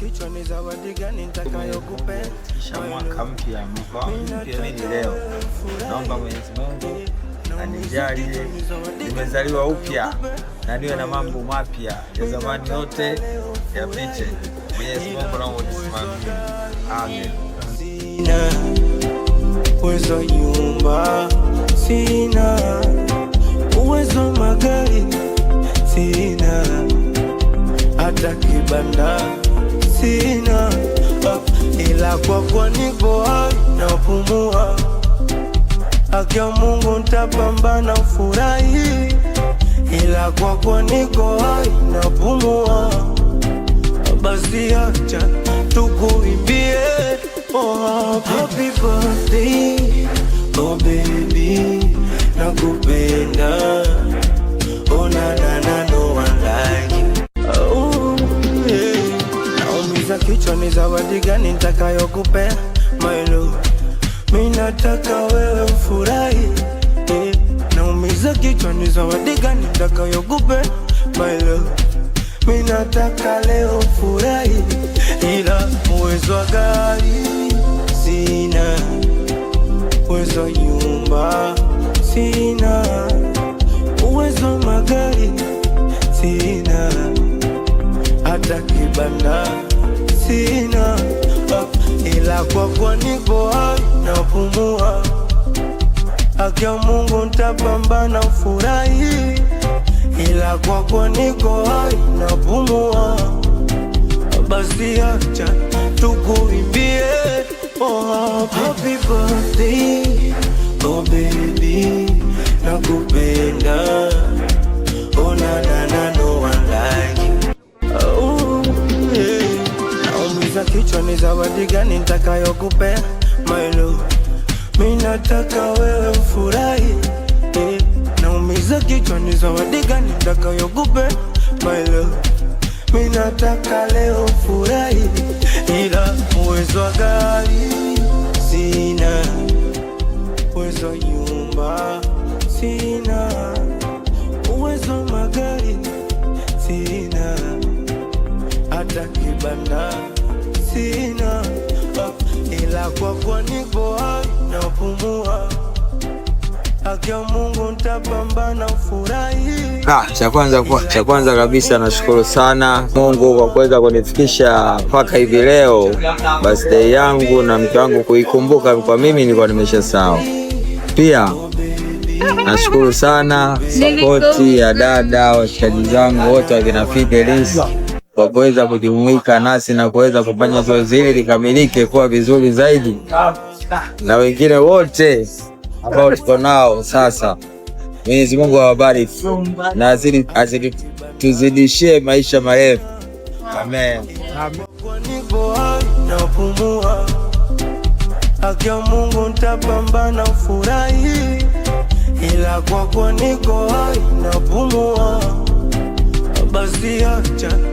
Kichwani zawadi gani nitakayokupenda. mwaka mpya mwaka mpya mimi leo naomba Mwenyezi Mungu anijalie nimezaliwa upya na niwe na mambo mapya ya zamani yote yapite. Mwenyezi Mungu naomba unisimamie. Amen. uwezo nyumba sina kwa kwako niko hai napumua. Haki Mungu ntapambana furahi ila kwako niko hai napumua. Basi acha tukuimbie, oh, happy birthday ni zawadi gani nitakayokupea my love? Mimi nataka wewe ufurahi eh, naumiza kichwa, ni zawadi gani nitakayokupea my love? Mimi nataka leo ufurahi, ila uwezo wa gari sina, uwezo wa nyumba sina, uwezo wa magari sina, hata kibanda ila kwa kuwa niko hai napumua, haki Mungu ntapambana furahi, ila kwa kuwa niko hai napumua, basi acha tukuimbie, oh, happy birthday kichwa ni zawadi gani nitakayokupea my love. Mimi nataka wewe ufurahi eh. Naumiza kichwa ni zawadi gani nitakayokupea my love. Mimi nataka leo ufurahi, ila uwezo wa gari sina, uwezo nyumba Ah, cha kwanza cha kwanza kabisa nashukuru sana Mungu kwa kuweza kunifikisha mpaka hivi leo birthday yangu na mke wangu kuikumbuka kwa mimi nilikuwa sawa Pia nashukuru sana sapoti ya dada, washikaji zangu wote wakina Fidelis kwa kuweza kujumuika nasi na kuweza kufanya zoezi hili likamilike kuwa vizuri zaidi na wengine wote ambao tuko nao sasa. Mwenyezi Mungu awabariki na azidi tuzidishie maisha marefu. Amen. Akiwa Mungu ntapambana ufurahi, ila kwako niko hai napumua, basi acha